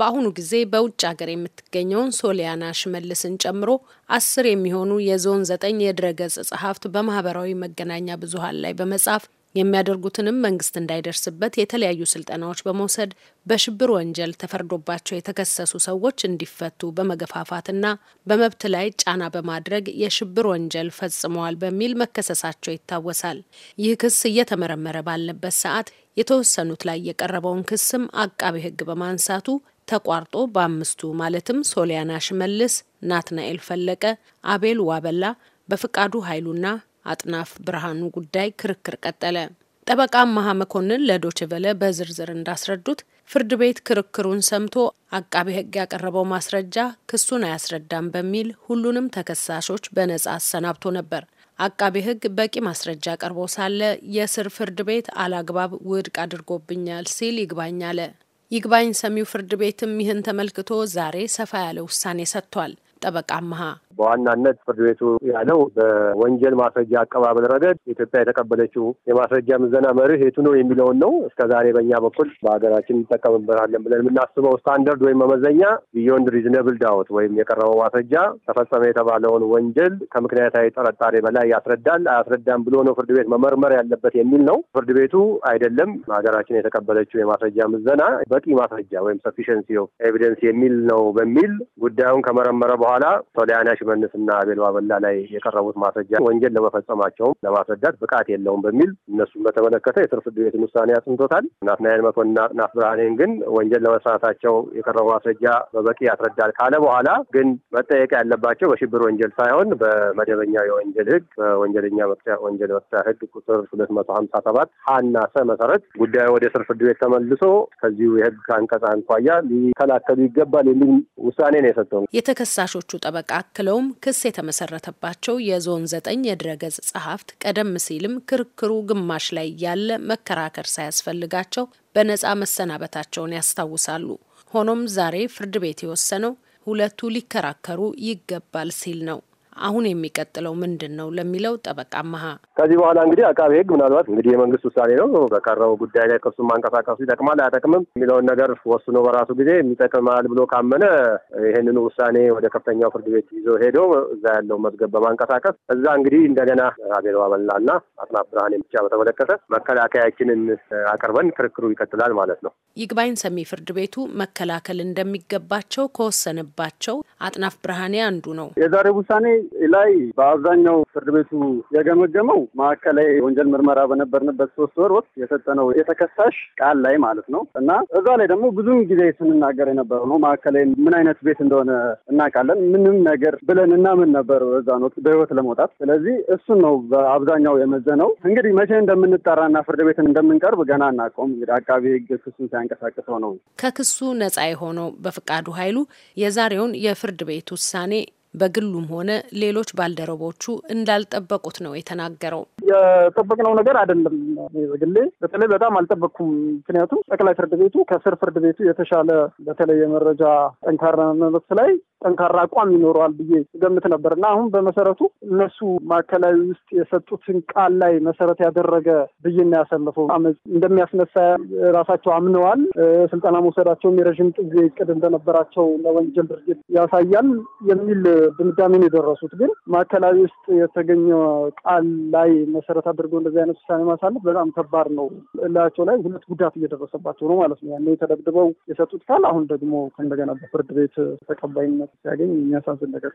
በአሁኑ ጊዜ በውጭ ሀገር የምትገኘውን ሶሊያና ሽመልስን ጨምሮ አስር የሚሆኑ የዞን ዘጠኝ የድረገጽ ጸሐፍት በማህበራዊ መገናኛ ብዙሀን ላይ በመጻፍ የሚያደርጉትንም መንግስት እንዳይደርስበት የተለያዩ ስልጠናዎች በመውሰድ በሽብር ወንጀል ተፈርዶባቸው የተከሰሱ ሰዎች እንዲፈቱ በመገፋፋትና በመብት ላይ ጫና በማድረግ የሽብር ወንጀል ፈጽመዋል በሚል መከሰሳቸው ይታወሳል። ይህ ክስ እየተመረመረ ባለበት ሰዓት የተወሰኑት ላይ የቀረበውን ክስም አቃቤ ሕግ በማንሳቱ ተቋርጦ በአምስቱ ማለትም ሶሊያና ሽመልስ፣ ናትናኤል ፈለቀ፣ አቤል ዋበላ፣ በፍቃዱ ኃይሉና አጥናፍ ብርሃኑ ጉዳይ ክርክር ቀጠለ። ጠበቃ አመሀ መኮንን ለዶችቨለ በዝርዝር እንዳስረዱት ፍርድ ቤት ክርክሩን ሰምቶ አቃቤ ሕግ ያቀረበው ማስረጃ ክሱን አያስረዳም በሚል ሁሉንም ተከሳሾች በነጻ አሰናብቶ ነበር። አቃቤ ሕግ በቂ ማስረጃ ቀርቦ ሳለ የስር ፍርድ ቤት አላግባብ ውድቅ አድርጎብኛል ሲል ይግባኝ አለ። ይግባኝ ሰሚው ፍርድ ቤትም ይህን ተመልክቶ ዛሬ ሰፋ ያለ ውሳኔ ሰጥቷል። ጠበቃ አመሀ በዋናነት ፍርድ ቤቱ ያለው በወንጀል ማስረጃ አቀባበል ረገድ ኢትዮጵያ የተቀበለችው የማስረጃ ምዘና መርህ የቱ ነው የሚለውን ነው። እስከ ዛሬ በእኛ በኩል በሀገራችን እንጠቀምበታለን ብለን የምናስበው ስታንደርድ ወይም መመዘኛ ቢዮንድ ሪዝነብል ዳውት ወይም የቀረበው ማስረጃ ተፈጸመ የተባለውን ወንጀል ከምክንያታዊ ጥርጣሬ በላይ ያስረዳል አያስረዳም ብሎ ነው ፍርድ ቤት መመርመር ያለበት የሚል ነው። ፍርድ ቤቱ አይደለም ሀገራችን የተቀበለችው የማስረጃ ምዘና በቂ ማስረጃ ወይም ሰፊሽንሲ ኦፍ ኤቪደንስ የሚል ነው በሚል ጉዳዩን ከመረመረ በኋላ ሶሊያና እና አቤል ዋበላ ላይ የቀረቡት ማስረጃ ወንጀል ለመፈጸማቸውም ለማስረዳት ብቃት የለውም በሚል እነሱን በተመለከተ የስር ፍርድ ቤትን ውሳኔ አጽንቶታል። ናትናኤል መኮንና ናፍ ብርሃኔን ግን ወንጀል ለመስራታቸው የቀረቡ ማስረጃ በበቂ ያስረዳል ካለ በኋላ ግን መጠየቅ ያለባቸው በሽብር ወንጀል ሳይሆን በመደበኛ የወንጀል ህግ በወንጀለኛ መቅጫ ወንጀል መቅጫ ህግ ቁጥር ሁለት መቶ ሀምሳ ሰባት ሀና ሰ መሰረት ጉዳዩ ወደ ስር ፍርድ ቤት ተመልሶ ከዚሁ የህግ አንቀጽ አንኳያ ሊከላከሉ ይገባል የሚል ውሳኔ ነው የሰጠው። የተከሳሾቹ ጠበቃ አክለው አክለውም ክስ የተመሰረተባቸው የዞን ዘጠኝ የድረገጽ ጸሐፍት ቀደም ሲልም ክርክሩ ግማሽ ላይ ያለ መከራከር ሳያስፈልጋቸው በነጻ መሰናበታቸውን ያስታውሳሉ። ሆኖም ዛሬ ፍርድ ቤት የወሰነው ሁለቱ ሊከራከሩ ይገባል ሲል ነው። አሁን የሚቀጥለው ምንድን ነው ለሚለው ጠበቃ መሀ ከዚህ በኋላ እንግዲህ አቃቤ ሕግ ምናልባት እንግዲህ የመንግስት ውሳኔ ነው። በቀረው ጉዳይ ላይ ክሱን ማንቀሳቀሱ ይጠቅማል አያጠቅምም የሚለውን ነገር ወስኖ በራሱ ጊዜ የሚጠቅማል ብሎ ካመነ ይህንኑ ውሳኔ ወደ ከፍተኛው ፍርድ ቤት ይዞ ሄዶ እዛ ያለው መዝገብ በማንቀሳቀስ እዛ እንግዲህ እንደገና አቤል ዋበላ አጥናፍ ብርሃኔ ብቻ በተመለከተ መከላከያችንን አቅርበን ክርክሩ ይቀጥላል ማለት ነው። ይግባኝ ሰሚ ፍርድ ቤቱ መከላከል እንደሚገባቸው ከወሰነባቸው አጥናፍ ብርሃኔ አንዱ ነው። የዛሬው ውሳኔ ላይ በአብዛኛው ፍርድ ቤቱ የገመገመው ማዕከላዊ ወንጀል ምርመራ በነበርንበት ሶስት ወር ወቅት የሰጠነው የተከሳሽ ቃል ላይ ማለት ነው እና እዛ ላይ ደግሞ ብዙም ጊዜ ስንናገር የነበረው ነው። ማዕከላዊ ምን አይነት ቤት እንደሆነ እናውቃለን። ምንም ነገር ብለን እናምን ነበር እዛን ወቅት በህይወት ለመውጣት። ስለዚህ እሱን ነው በአብዛኛው የመዘነው። እንግዲህ መቼ እንደምንጠራና ፍርድ ቤትን እንደምንቀርብ ገና እናውቀውም። እንግዲህ አቃቢ ህግ ክሱን ሲያንቀሳቅሰው ነው ከክሱ ነጻ የሆነው በፍቃዱ ኃይሉ የዛሬውን የፍርድ ቤት ውሳኔ በግሉም ሆነ ሌሎች ባልደረቦቹ እንዳልጠበቁት ነው የተናገረው። የጠበቅነው ነገር አይደለም። በግሌ በተለይ በጣም አልጠበቅኩም። ምክንያቱም ጠቅላይ ፍርድ ቤቱ ከስር ፍርድ ቤቱ የተሻለ በተለይ የመረጃ ጠንካራ መመስ ላይ ጠንካራ አቋም ይኖረዋል ብዬ ገምት ነበር እና አሁን በመሰረቱ እነሱ ማዕከላዊ ውስጥ የሰጡትን ቃል ላይ መሰረት ያደረገ ብይን ያሰለፈው አመፅ እንደሚያስነሳ ራሳቸው አምነዋል። ስልጠና መውሰዳቸውም የረዥም ጊዜ እቅድ እንደነበራቸው ለወንጀል ድርጊት ያሳያል የሚል ድምዳሜን የደረሱት። ግን ማዕከላዊ ውስጥ የተገኘ ቃል ላይ መሰረት አድርገው እንደዚህ አይነት ውሳኔ ማሳለፍ በጣም ከባድ ነው። ላያቸው ላይ ሁለት ጉዳት እየደረሰባቸው ነው ማለት ነው። ያኔ ተደብድበው የሰጡት ቃል አሁን ደግሞ ከእንደገና በፍርድ ቤት ተቀባይነት ሲያገኝ የሚያሳዝን ነገር